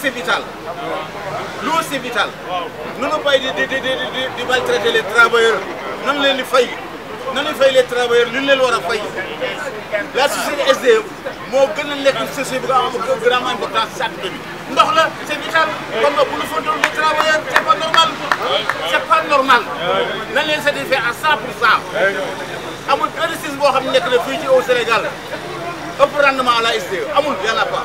c'est vital. L'eau c'est vital. Nous ne pas de, de, de, de, maltraiter les travailleurs. Nous ne les faillons. Nous ne faillons les travailleurs, nous ne les faillons. La société SDF, e moo gën a nekk société bu nga xam vraiment importance chaque demi ndox la c'est vital comme nous bu ñu fa les travailleurs c'est pas normal c'est pas normal na leen satisfait à 100 pour cent amul benn boo xam nekk na fii ci au Sénégal ëpp rendement à la SDE amul y en pas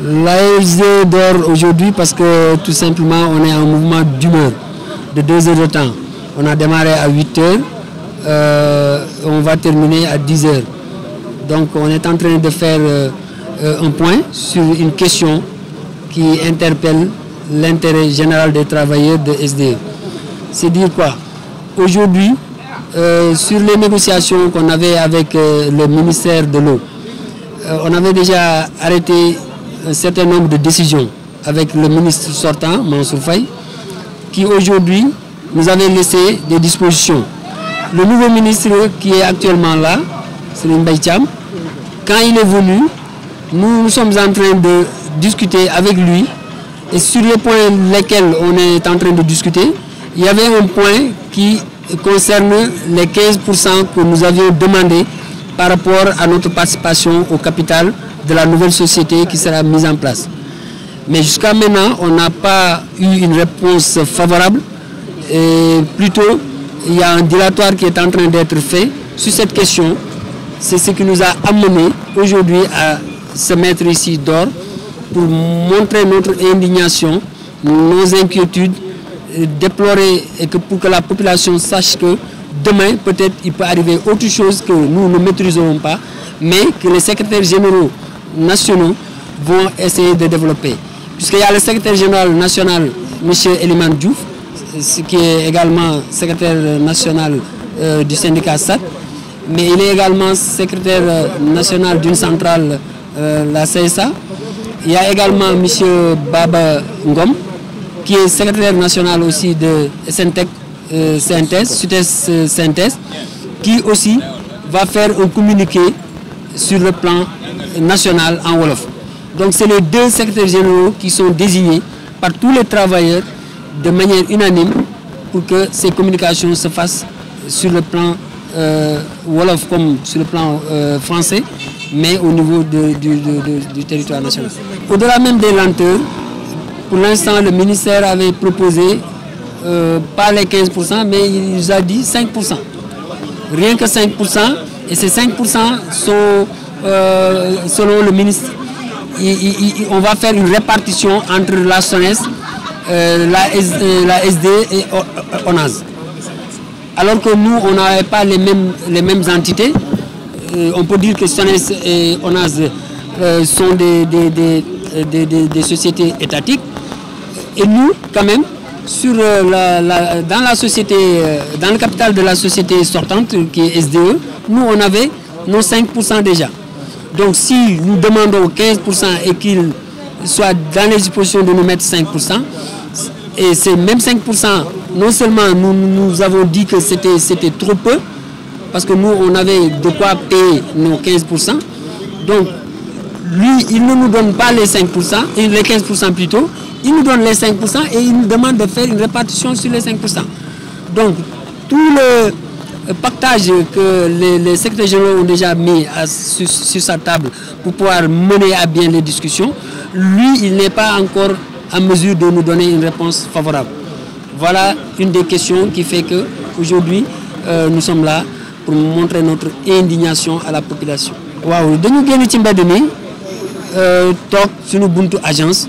L'ASD dort aujourd'hui parce que tout simplement on est en mouvement d'humeur de deux heures de temps. On a démarré à 8 heures, euh, on va terminer à 10 heures. Donc on est en train de faire euh, un point sur une question qui interpelle l'intérêt général des travailleurs de SD. E. C'est dire quoi aujourd'hui euh, sur les négociations qu'on avait avec euh, le ministère de l'eau, euh, on avait déjà arrêté un certain nombre de décisions avec le ministre sortant, Mansour Faye, qui aujourd'hui nous avait laissé des dispositions. Le nouveau ministre qui est actuellement là, Selim Baïtiam, quand il est venu, nous, nous sommes en train de discuter avec lui et sur les points lesquels on est en train de discuter, il y avait un point qui concerne les 15% que nous avions demandé par rapport à notre participation au capital de la nouvelle société qui sera mise en place. Mais jusqu'à maintenant, on n'a pas eu une réponse favorable. Et plutôt, il y a un dilatoire qui est en train d'être fait sur cette question. C'est ce qui nous a amené aujourd'hui à se mettre ici d'or pour montrer notre indignation, nos inquiétudes euh, déplorer et que pour que la population sache que demain, peut-être, il peut arriver autre chose que nous ne maîtriserons pas, mais que les secrétaires généraux nationaux vont essayer de développer. Puisqu'il y a le secrétaire général national, M. Eliman Diouf, qui est également secrétaire national euh, du syndicat SAT, mais il est également secrétaire euh, national d'une centrale, la CSA. Il y a également M. Baba Ngom, qui est secrétaire national aussi de Syntec, euh, Synthèse, euh, Synthèse, qui aussi va faire un communiqué sur le plan national en Wolof. Donc c'est les deux secrétaires généraux qui sont désignés par tous les travailleurs de manière unanime pour que ces communications se fassent sur le plan euh, Wolof comme sur le plan euh, français, mais au niveau du territoire national. Au-delà même des lenteurs, pour l'instant, le ministère avait proposé, euh, pas les 15%, mais il nous a dit 5%. Rien que 5%, et ces 5% sont, euh, selon le ministre, on va faire une répartition entre la SONES, euh, la, SD et ONAS. Alors que nous, on n'avait pas les mêmes, les mêmes entités. on peut dire que SONES et ONAS sont des, des sociétés étatiques. Et nous, quand même, sur euh, dans la société, euh, dans le capital de la société sortante, euh, qui est SDE, nous, on avait nos 5% déjà. Donc si nous demandons 15% et qu'ils soient dans les dispositions de nous mettre 5%, et ces mêmes 5%, non seulement nous, nous avons dit que c'était trop peu, parce que nous, on avait de quoi payer nos 15%, donc lui, il ne nous donne pas les 5%, les 15% plutôt, il nous donne les 5% et il nous demande de faire une répartition sur les 5%. Donc, tout le euh, partage que les, secrétaires généraux ont déjà mis sur, sa table pour pouvoir mener à bien les discussions, lui, il n'est pas encore en mesure de nous donner une réponse favorable. Voilà une des questions qui fait que aujourd'hui euh, nous sommes là pour montrer notre indignation à la population. waaw dañu nous ci euh, sur agence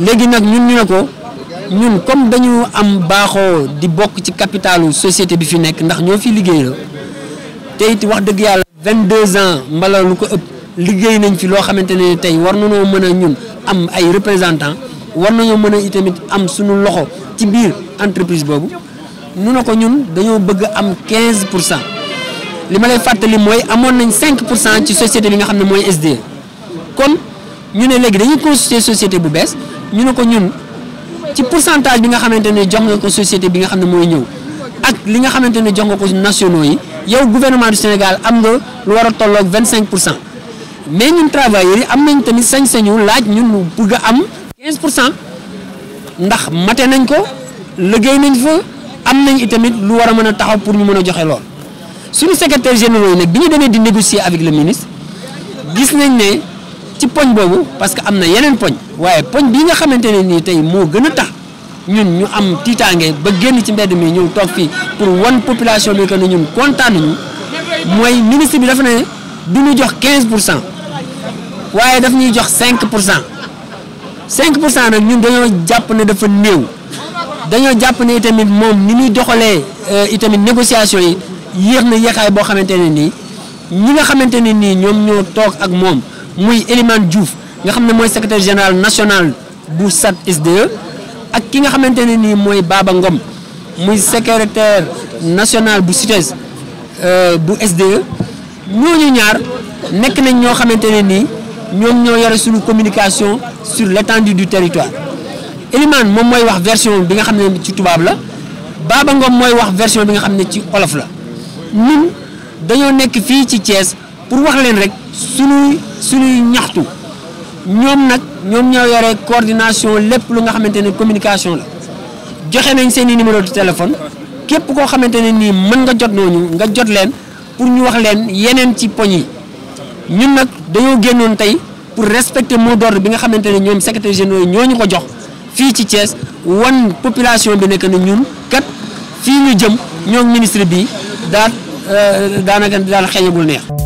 léegi nak ñun ñu nako ñun comme dañu am baaxoo di bok ci capitalu société bi fi nek ndax ñoo fi liggéey la te it wax deug yalla 22 ans mbala lu ko ëpp liggéey nañ ci lo xamante tay tey war nañoo mën ñun am ay représentant war nañoo mëna a itamit am suñu loxo ci biir entreprise bobu nu nako ñun dañoo bëgg am 15% pour cent li ma lay fàttali mooy amoon nañ 5% ci société bi nga xam ne mooy SDE kon ñu ne léegi dañuy constituer société bu bees ñu ne ko ñun ci pourcentage bi nga xamante ne jox nga ko société bi nga xam ne mooy ñëw ak li nga xamante ne jox nga ko nationaux yi yow gouvernement du Sénégal am nga war a tolloog vingt cinq pour cent mais ñun travailleurs am nañ tamit sañ-sañu laaj ñun mu bëgg a am quinze cent ndax mate nañ ko liggéey nañ fa am nañ itamit lu war a mën a taxaw pour ñu mën a joxe lool suñu secrétaire général yi nag bi ñu demee di négocier avec le ministre gis nañ ne ci poñ boobu parce que am na yeneen poñ waaye poñ bi nga xamante ne nii tey moo gën a tax ñun ñu am tiitaange ba génn ci mbedd mii ñëw toog fii pour wan population bi que ñun kontaan nañu mooy ministre bi dafa ne du jox 15 pour cent waaye daf ñuy jox 5 pour cent 5 pour cent dañoo jàpp ne dafa néew dañoo jàpp ne itamit moom ni muy doxalee euh, itamit négociation yi yéex na yéexaay boo xamante ne nii ñi nga xamante ne nii ñoom ñoo toog ak moom. muy Elimane Diouf nga xamné moy secrétaire général national bu SAT SDE ak ki nga xamante ni moy Baba Ngom muy secrétaire national bu CITES euh bu SDE ñooñu ñaar nek nañ ñoo xamante ni ñom ñoom ñoo yore suñu communication sur l'étendue du territoire Elimane mom moy wax version bi nga xamné ci tubaab la Baba Ngom moy wax version bi nga xamné ci olof la ñun dañu nek fi ci Thiès. pour wax leen rek suñuy suñuy ñaxtu ñoom nag ñoom ñoo yore coordination lépp lu nga xamante ne communication la joxe nañ seen i numéro de téléphone képp koo xamante ne nii mën nga jot nooñu nga jot leen pour ñu wax leen yeneen ci poñ yi ñun nag dañoo génnoon tey pour respecter moo d'ordre bi nga xamante ne ñoom secrétaire général ñoo ñu ko jox fii ci Thiès wan population bi nekk na ñun kat fii ñu jëm ñoo ministre bi daal euh, daanaka daal xeeñagul neex.